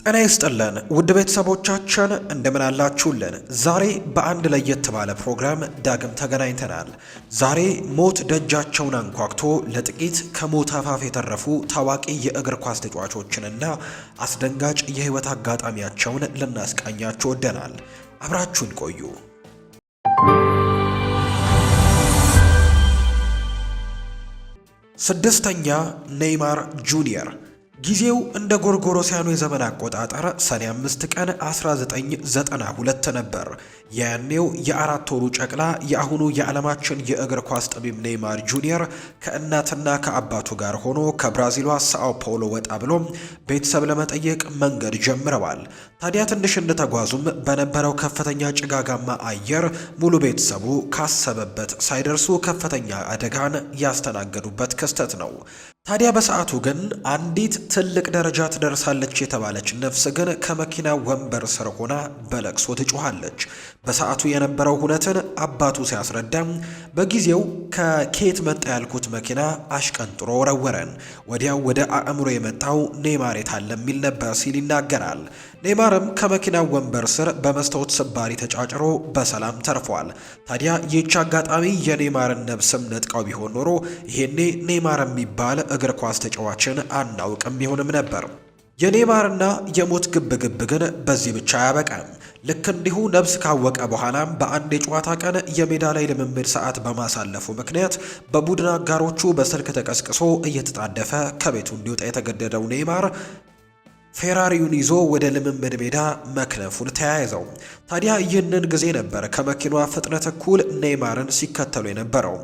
ጤና ይስጥልን ውድ ቤተሰቦቻችን እንደምን አላችሁልን? ዛሬ በአንድ ለየት ባለ ፕሮግራም ዳግም ተገናኝተናል። ዛሬ ሞት ደጃቸውን አንኳክቶ ለጥቂት ከሞት አፋፍ የተረፉ ታዋቂ የእግር ኳስ ተጫዋቾችንና አስደንጋጭ የህይወት አጋጣሚያቸውን ልናስቃኛችሁ ወደናል። አብራችሁን ቆዩ። ስድስተኛ ኔይማር ጁኒየር ጊዜው እንደ ጎርጎሮሳውያኑ የዘመን አቆጣጠር ሰኔ ቀን 1992 ነበር። ያኔው የአራት ወሩ ጨቅላ የአሁኑ የዓለማችን የእግር ኳስ ጠቢብ ኔይማር ጁኒየር ከእናትና ከአባቱ ጋር ሆኖ ከብራዚሏ ሳኦ ፓውሎ ወጣ ብሎ ቤተሰብ ለመጠየቅ መንገድ ጀምረዋል። ታዲያ ትንሽ እንደተጓዙም በነበረው ከፍተኛ ጭጋጋማ አየር ሙሉ ቤተሰቡ ካሰበበት ሳይደርሱ ከፍተኛ አደጋን ያስተናገዱበት ክስተት ነው። ታዲያ በሰዓቱ ግን አንዲት ትልቅ ደረጃ ትደርሳለች የተባለች ነፍስ ግን ከመኪና ወንበር ስር ሆና በለቅሶ ትጮኋለች። በሰዓቱ የነበረው ሁነትን አባቱ ሲያስረዳም በጊዜው ከኬት መጣ ያልኩት መኪና አሽቀንጥሮ ወረወረን፣ ወዲያው ወደ አእምሮ የመጣው ኔማር የታለ የሚል ነበር ሲል ይናገራል። ኔይማርም ከመኪናው ወንበር ስር በመስታወት ስባሪ ተጫጭሮ በሰላም ተርፏል። ታዲያ ይህች አጋጣሚ የኔይማርን ነብስም ነጥቀው ቢሆን ኖሮ ይሄኔ ኔይማር የሚባል እግር ኳስ ተጫዋችን አናውቅም ይሆንም ነበር። የኔይማርና የሞት ግብግብ ግን በዚህ ብቻ አያበቃም። ልክ እንዲሁ ነብስ ካወቀ በኋላም በአንድ የጨዋታ ቀን የሜዳ ላይ ልምምድ ሰዓት በማሳለፉ ምክንያት በቡድን አጋሮቹ በስልክ ተቀስቅሶ እየተጣደፈ ከቤቱ እንዲወጣ የተገደደው ኔይማር ፌራሪውን ይዞ ወደ ልምምድ ሜዳ መክነፉን ተያይዘው ታዲያ ይህንን ጊዜ ነበር ከመኪኗ ፍጥነት እኩል ኔይማርን ሲከተሉ የነበረው።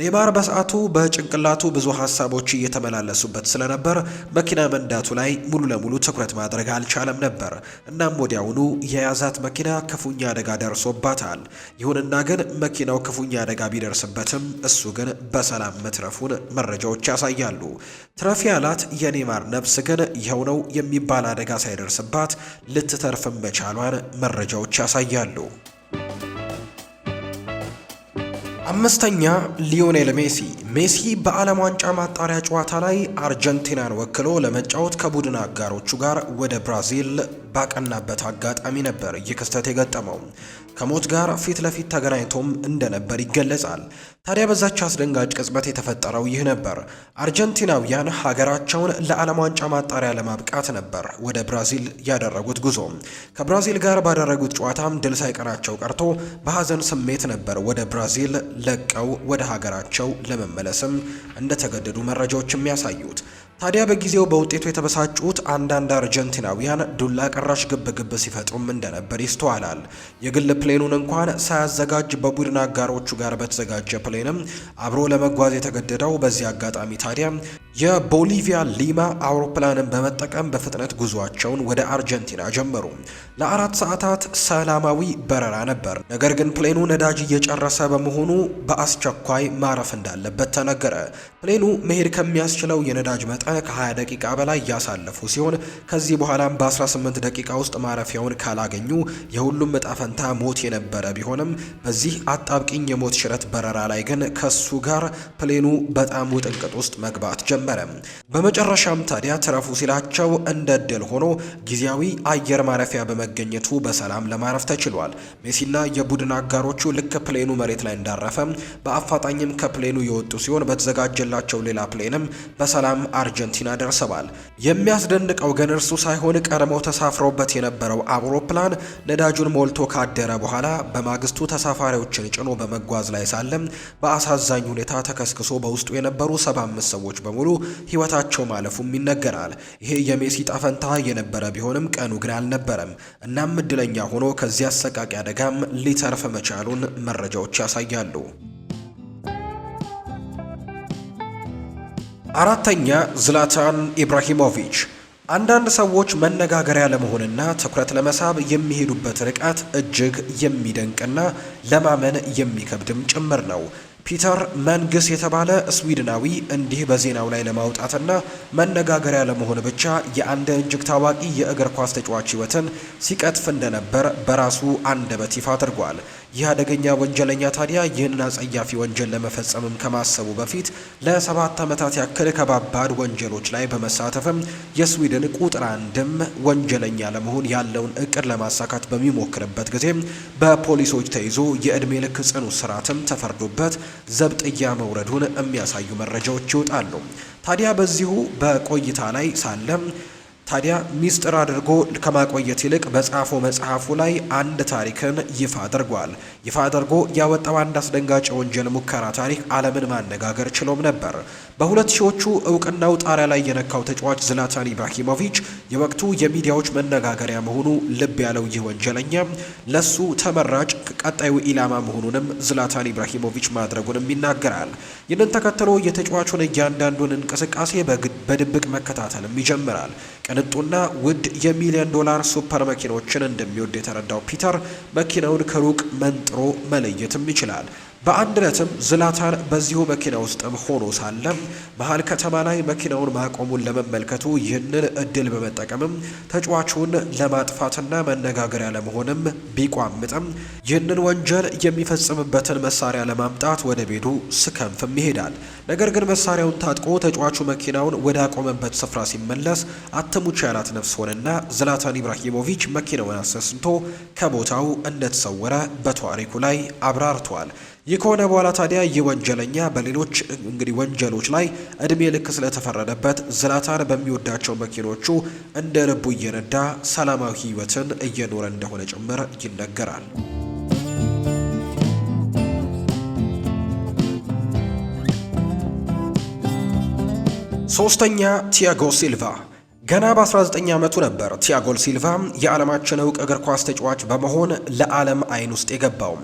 ኔይማር በሰዓቱ በጭንቅላቱ ብዙ ሀሳቦች እየተመላለሱበት ስለነበር መኪና መንዳቱ ላይ ሙሉ ለሙሉ ትኩረት ማድረግ አልቻለም ነበር። እናም ወዲያውኑ የያዛት መኪና ክፉኛ አደጋ ደርሶባታል። ይሁንና ግን መኪናው ክፉኛ አደጋ ቢደርስበትም እሱ ግን በሰላም መትረፉን መረጃዎች ያሳያሉ። ትረፊ ያላት የኔይማር ነፍስ ግን ይኸው ነው የሚባ የሚባል አደጋ ሳይደርስባት ልትተርፍም መቻሏን መረጃዎች ያሳያሉ። አምስተኛ ሊዮኔል ሜሲ ሜሲ በዓለም ዋንጫ ማጣሪያ ጨዋታ ላይ አርጀንቲናን ወክሎ ለመጫወት ከቡድን አጋሮቹ ጋር ወደ ብራዚል ባቀናበት አጋጣሚ ነበር ይህ ክስተት የገጠመው። ከሞት ጋር ፊት ለፊት ተገናኝቶም እንደነበር ይገለጻል። ታዲያ በዛች አስደንጋጭ ቅጽበት የተፈጠረው ይህ ነበር። አርጀንቲናውያን ሀገራቸውን ለዓለም ዋንጫ ማጣሪያ ለማብቃት ነበር ወደ ብራዚል ያደረጉት ጉዞ። ከብራዚል ጋር ባደረጉት ጨዋታም ድል ሳይቀናቸው ቀርቶ በሀዘን ስሜት ነበር ወደ ብራዚል ለቀው ወደ ሀገራቸው ለመመ ለመመለስም እንደተገደዱ መረጃዎች የሚያሳዩት ታዲያ በጊዜው በውጤቱ የተበሳጩት አንዳንድ አርጀንቲናውያን ዱላ ቀራሽ ግብ ግብ ሲፈጥሩም እንደነበር ይስተዋላል። የግል ፕሌኑን እንኳን ሳያዘጋጅ በቡድን አጋሮቹ ጋር በተዘጋጀ ፕሌንም አብሮ ለመጓዝ የተገደደው በዚህ አጋጣሚ ታዲያ የቦሊቪያ ሊማ አውሮፕላንን በመጠቀም በፍጥነት ጉዟቸውን ወደ አርጀንቲና ጀመሩ። ለአራት ሰዓታት ሰላማዊ በረራ ነበር። ነገር ግን ፕሌኑ ነዳጅ እየጨረሰ በመሆኑ በአስቸኳይ ማረፍ እንዳለበት ተነገረ። ፕሌኑ መሄድ ከሚያስችለው የነዳጅ መጠን ከ20 ደቂቃ በላይ ያሳለፉ ሲሆን ከዚህ በኋላም በ18 ደቂቃ ውስጥ ማረፊያውን ካላገኙ የሁሉም እጣ ፈንታ ሞት የነበረ ቢሆንም በዚህ አጣብቂኝ የሞት ሽረት በረራ ላይ ግን ከሱ ጋር ፕሌኑ በጣም ውጥንቅጥ ውስጥ መግባት ጀመረ። በመጨረሻም ታዲያ ትረፉ ሲላቸው እንደ ሆኖ ጊዜያዊ አየር ማረፊያ በመገኘቱ በሰላም ለማረፍ ተችሏል። ሜሲና የቡድን አጋሮቹ ልክ ፕሌኑ መሬት ላይ እንዳረፈ በአፋጣኝም ከፕሌኑ የወጡ ሲሆን በተዘጋጀላቸው ሌላ ፕሌንም በሰላም አርጀ አርጀንቲና ደርሰዋል። የሚያስደንቀው ግን እርሱ ሳይሆን ቀድሞ ተሳፍሮበት የነበረው አውሮፕላን ነዳጁን ሞልቶ ካደረ በኋላ በማግስቱ ተሳፋሪዎችን ጭኖ በመጓዝ ላይ ሳለም በአሳዛኝ ሁኔታ ተከስክሶ በውስጡ የነበሩ ሰባ አምስት ሰዎች በሙሉ ሕይወታቸው ማለፉም ይነገራል። ይሄ የሜሲ ጣፈንታ የነበረ ቢሆንም ቀኑ ግን አልነበረም። እናም እድለኛ ሆኖ ከዚህ አሰቃቂ አደጋም ሊተርፍ መቻሉን መረጃዎች ያሳያሉ። አራተኛ ዝላታን ኢብራሂሞቪች። አንዳንድ ሰዎች መነጋገሪያ ለመሆንና ትኩረት ለመሳብ የሚሄዱበት ርቀት እጅግ የሚደንቅና ለማመን የሚከብድም ጭምር ነው። ፒተር መንግስ የተባለ ስዊድናዊ እንዲህ በዜናው ላይ ለማውጣትና መነጋገሪያ ለመሆን ብቻ የአንድ እጅግ ታዋቂ የእግር ኳስ ተጫዋች ህይወትን ሲቀጥፍ እንደነበር በራሱ አንደበት ይፋ አድርጓል። ይህ አደገኛ ወንጀለኛ ታዲያ ይህንን አጸያፊ ወንጀል ለመፈጸምም ከማሰቡ በፊት ለሰባት ዓመታት ያክል ከባባድ ወንጀሎች ላይ በመሳተፍም የስዊድን ቁጥር አንድም ወንጀለኛ ለመሆን ያለውን እቅድ ለማሳካት በሚሞክርበት ጊዜ በፖሊሶች ተይዞ የዕድሜ ልክ ጽኑ እስራትም ተፈርዶበት ዘብጥያ መውረዱን የሚያሳዩ መረጃዎች ይወጣሉ። ታዲያ በዚሁ በቆይታ ላይ ሳለም ታዲያ ሚስጥር አድርጎ ከማቆየት ይልቅ በጻፎ መጽሐፉ ላይ አንድ ታሪክን ይፋ አድርጓል። ይፋ አድርጎ ያወጣው አንድ አስደንጋጭ ወንጀል ሙከራ ታሪክ ዓለምን ማነጋገር ችሎም ነበር። በሁለት ሺዎቹ እውቅናው ጣሪያ ላይ የነካው ተጫዋች ዝላታን ኢብራሂሞቪች የወቅቱ የሚዲያዎች መነጋገሪያ መሆኑ ልብ ያለው ይህ ወንጀለኛ ለሱ ተመራጭ ቀጣዩ ኢላማ መሆኑንም ዝላታን ኢብራሂሞቪች ማድረጉንም ይናገራል። ይህንን ተከትሎ የተጫዋቹን እያንዳንዱን እንቅስቃሴ በድብቅ መከታተልም ይጀምራል። ቅንጡና ውድ የሚሊዮን ዶላር ሱፐር መኪኖችን እንደሚወድ የተረዳው ፒተር መኪናውን ከሩቅ መንጥሮ መለየትም ይችላል። በአንድ ዕለትም ዝላታን በዚሁ መኪና ውስጥም ሆኖ ሳለም መሀል ከተማ ላይ መኪናውን ማቆሙን ለመመልከቱ ይህንን እድል በመጠቀምም ተጫዋቹን ለማጥፋትና መነጋገሪያ ለመሆንም ቢቋምጥም ይህንን ወንጀል የሚፈጽምበትን መሳሪያ ለማምጣት ወደ ቤቱ ስከንፍም ይሄዳል። ነገር ግን መሳሪያውን ታጥቆ ተጫዋቹ መኪናውን ወዳቆመበት ስፍራ ሲመለስ አትሙች ያላት ነፍስ ሆነና ዝላታን ኢብራሂሞቪች መኪናውን አሰስንቶ ከቦታው እንደተሰወረ በታሪኩ ላይ አብራርቷል። ይህ ከሆነ በኋላ ታዲያ ይህ ወንጀለኛ በሌሎች እንግዲህ ወንጀሎች ላይ እድሜ ልክ ስለተፈረደበት ዝላታን በሚወዳቸው መኪኖቹ እንደ ልቡ እየነዳ ሰላማዊ ሕይወትን እየኖረ እንደሆነ ጭምር ይነገራል። ሶስተኛ ቲያጎ ሲልቫ ገና በ19 ዓመቱ ነበር ቲያጎ ሲልቫ የዓለማችን እውቅ እግር ኳስ ተጫዋች በመሆን ለዓለም አይን ውስጥ የገባው።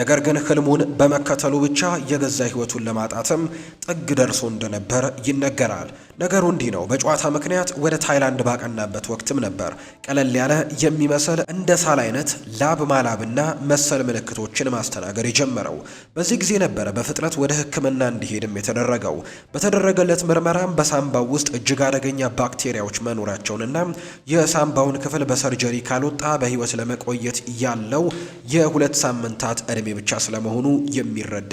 ነገር ግን ህልሙን በመከተሉ ብቻ የገዛ ህይወቱን ለማጣትም ጥግ ደርሶ እንደነበር ይነገራል። ነገሩ እንዲህ ነው። በጨዋታ ምክንያት ወደ ታይላንድ ባቀናበት ወቅትም ነበር ቀለል ያለ የሚመስል እንደ ሳል አይነት ላብ ማላብና መሰል ምልክቶችን ማስተናገድ የጀመረው። በዚህ ጊዜ ነበረ በፍጥነት ወደ ህክምና እንዲሄድም የተደረገው። በተደረገለት ምርመራም በሳምባው ውስጥ እጅግ አደገኛ ባክቴሪያዎች መኖራቸውንና የሳምባውን ክፍል በሰርጀሪ ካልወጣ በህይወት ለመቆየት ያለው የሁለት ሳምንታት አካዳሚ ብቻ ስለመሆኑ የሚረዳ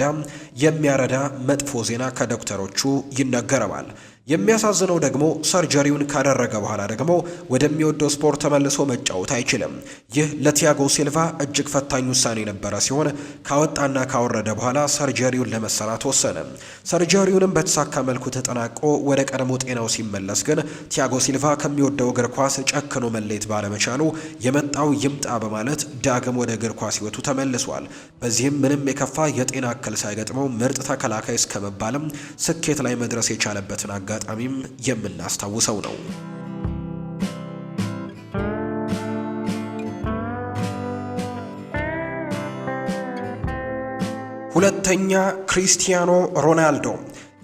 የሚያረዳ መጥፎ ዜና ከዶክተሮቹ ይነገረዋል። የሚያሳዝነው ደግሞ ሰርጀሪውን ካደረገ በኋላ ደግሞ ወደሚወደው ስፖርት ተመልሶ መጫወት አይችልም። ይህ ለቲያጎ ሲልቫ እጅግ ፈታኝ ውሳኔ የነበረ ሲሆን ካወጣና ካወረደ በኋላ ሰርጀሪውን ለመሰራት ወሰነ። ሰርጀሪውንም በተሳካ መልኩ ተጠናቆ ወደ ቀድሞ ጤናው ሲመለስ ግን ቲያጎ ሲልቫ ከሚወደው እግር ኳስ ጨክኖ መለየት ባለመቻሉ የመጣው ይምጣ በማለት ዳግም ወደ እግር ኳስ ሕይወቱ ተመልሷል። በዚህም ምንም የከፋ የጤና እክል ሳይገጥመው ምርጥ ተከላካይ እስከመባልም ስኬት ላይ መድረስ የቻለበትን አጋ አጋጣሚም የምናስታውሰው ነው። ሁለተኛ፣ ክሪስቲያኖ ሮናልዶ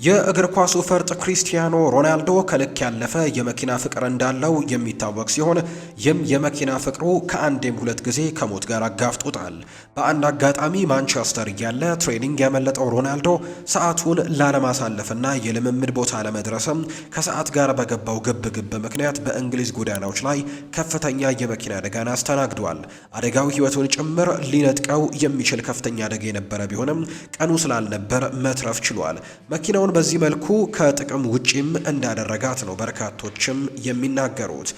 የእግር ኳሱ ፈርጥ ክሪስቲያኖ ሮናልዶ ከልክ ያለፈ የመኪና ፍቅር እንዳለው የሚታወቅ ሲሆን ይህም የመኪና ፍቅሩ ከአንዴም ሁለት ጊዜ ከሞት ጋር አጋፍጦታል። በአንድ አጋጣሚ ማንቸስተር እያለ ትሬኒንግ ያመለጠው ሮናልዶ ሰዓቱን ላለማሳለፍና የልምምድ ቦታ ለመድረስም ከሰዓት ጋር በገባው ግብ ግብ ምክንያት በእንግሊዝ ጎዳናዎች ላይ ከፍተኛ የመኪና አደጋን አስተናግዷል። አደጋው ሕይወቱን ጭምር ሊነጥቀው የሚችል ከፍተኛ አደጋ የነበረ ቢሆንም ቀኑ ስላልነበር መትረፍ ችሏል። መኪናውን በዚህ መልኩ ከጥቅም ውጪም እንዳደረጋት ነው በርካቶችም የሚናገሩት።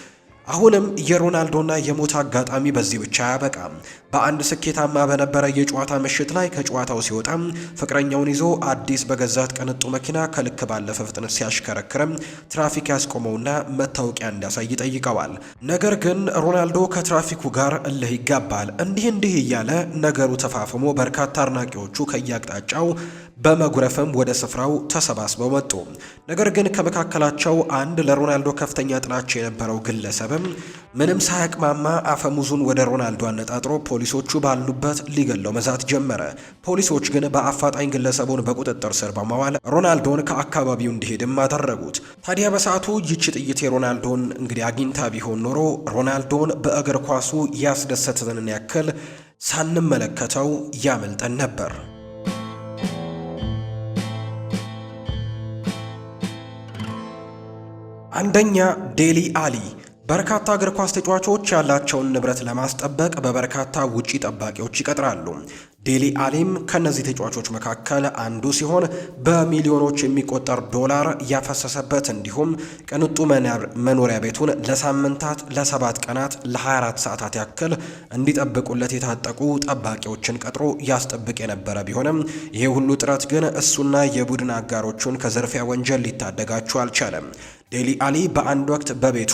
አሁንም የሮናልዶና የሞት አጋጣሚ በዚህ ብቻ አያበቃም። በአንድ ስኬታማ በነበረ የጨዋታ ምሽት ላይ ከጨዋታው ሲወጣም ፍቅረኛውን ይዞ አዲስ በገዛት ቅንጡ መኪና ከልክ ባለፈ ፍጥነት ሲያሽከረክርም ትራፊክ ያስቆመውና መታወቂያ እንዲያሳይ ይጠይቀዋል። ነገር ግን ሮናልዶ ከትራፊኩ ጋር እልህ ይጋባል። እንዲህ እንዲህ እያለ ነገሩ ተፋፍሞ በርካታ አድናቂዎቹ ከያቅጣጫው በመጉረፍም ወደ ስፍራው ተሰባስበው መጡ። ነገር ግን ከመካከላቸው አንድ ለሮናልዶ ከፍተኛ ጥላቻ የነበረው ግለሰብም ምንም ሳያቅማማ አፈሙዙን ወደ ሮናልዶ አነጣጥሮ ፖሊሶቹ ባሉበት ሊገለው መዛት ጀመረ። ፖሊሶች ግን በአፋጣኝ ግለሰቡን በቁጥጥር ስር በማዋል ሮናልዶን ከአካባቢው እንዲሄድም አደረጉት። ታዲያ በሰዓቱ ይቺ ጥይት የሮናልዶን እንግዲህ አግኝታ ቢሆን ኖሮ ሮናልዶን በእግር ኳሱ ያስደሰተንን ያክል ሳንመለከተው ያመልጠን ነበር። አንደኛ ዴሊ አሊ በርካታ እግር ኳስ ተጫዋቾች ያላቸውን ንብረት ለማስጠበቅ በበርካታ ውጪ ጠባቂዎች ይቀጥራሉ። ዴሊ አሊም ከነዚህ ተጫዋቾች መካከል አንዱ ሲሆን በሚሊዮኖች የሚቆጠር ዶላር ያፈሰሰበት እንዲሁም ቅንጡ መኖሪያ ቤቱን ለሳምንታት፣ ለሰባት ቀናት፣ ለ24 ሰዓታት ያክል እንዲጠብቁለት የታጠቁ ጠባቂዎችን ቀጥሮ ያስጠብቅ የነበረ ቢሆንም ይህ ሁሉ ጥረት ግን እሱና የቡድን አጋሮቹን ከዘርፊያ ወንጀል ሊታደጋቸው አልቻለም። ዴሊ አሊ በአንድ ወቅት በቤቱ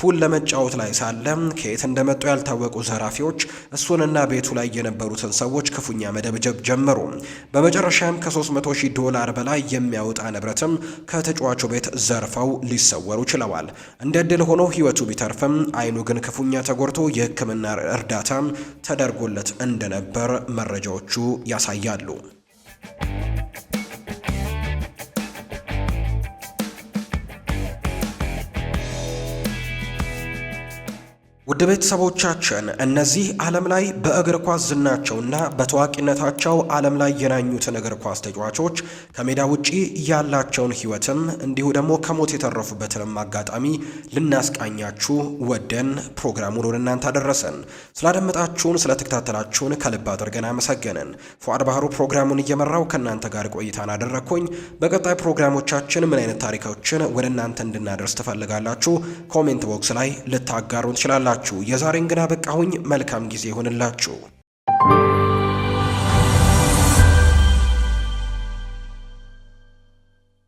ፑል ለመጫወት ላይ ሳለ ከየት እንደመጡ ያልታወቁ ዘራፊዎች እሱንና ቤቱ ላይ የነበሩትን ሰዎች ክፉኛ መደብደብ ጀመሩ። በመጨረሻም ከ300 ሺህ ዶላር በላይ የሚያወጣ ንብረትም ከተጫዋቹ ቤት ዘርፈው ሊሰወሩ ችለዋል። እንደ ድል ሆኖ ሕይወቱ ቢተርፍም አይኑ ግን ክፉኛ ተጎድቶ የሕክምና እርዳታም ተደርጎለት እንደነበር መረጃዎቹ ያሳያሉ። ውድ ቤተሰቦቻችን እነዚህ ዓለም ላይ በእግር ኳስ ዝናቸውና በታዋቂነታቸው ዓለም ላይ የናኙትን እግር ኳስ ተጫዋቾች ከሜዳ ውጪ ያላቸውን ሕይወትም እንዲሁ ደግሞ ከሞት የተረፉበትንም አጋጣሚ ልናስቃኛችሁ ወደን ፕሮግራሙን ወደ እናንተ አደረሰን። ስላደመጣችሁን፣ ስለተከታተላችሁን ከልብ አድርገን አመሰገንን። ፉአድ ባህሩ ፕሮግራሙን እየመራው ከእናንተ ጋር ቆይታን አደረግኩኝ። በቀጣይ ፕሮግራሞቻችን ምን አይነት ታሪኮችን ወደ እናንተ እንድናደርስ ትፈልጋላችሁ? ኮሜንት ቦክስ ላይ ልታጋሩን ትችላላችሁ። ናችሁ። የዛሬ እንግዳ በቃሁኝ። መልካም ጊዜ ይሆንላችሁ።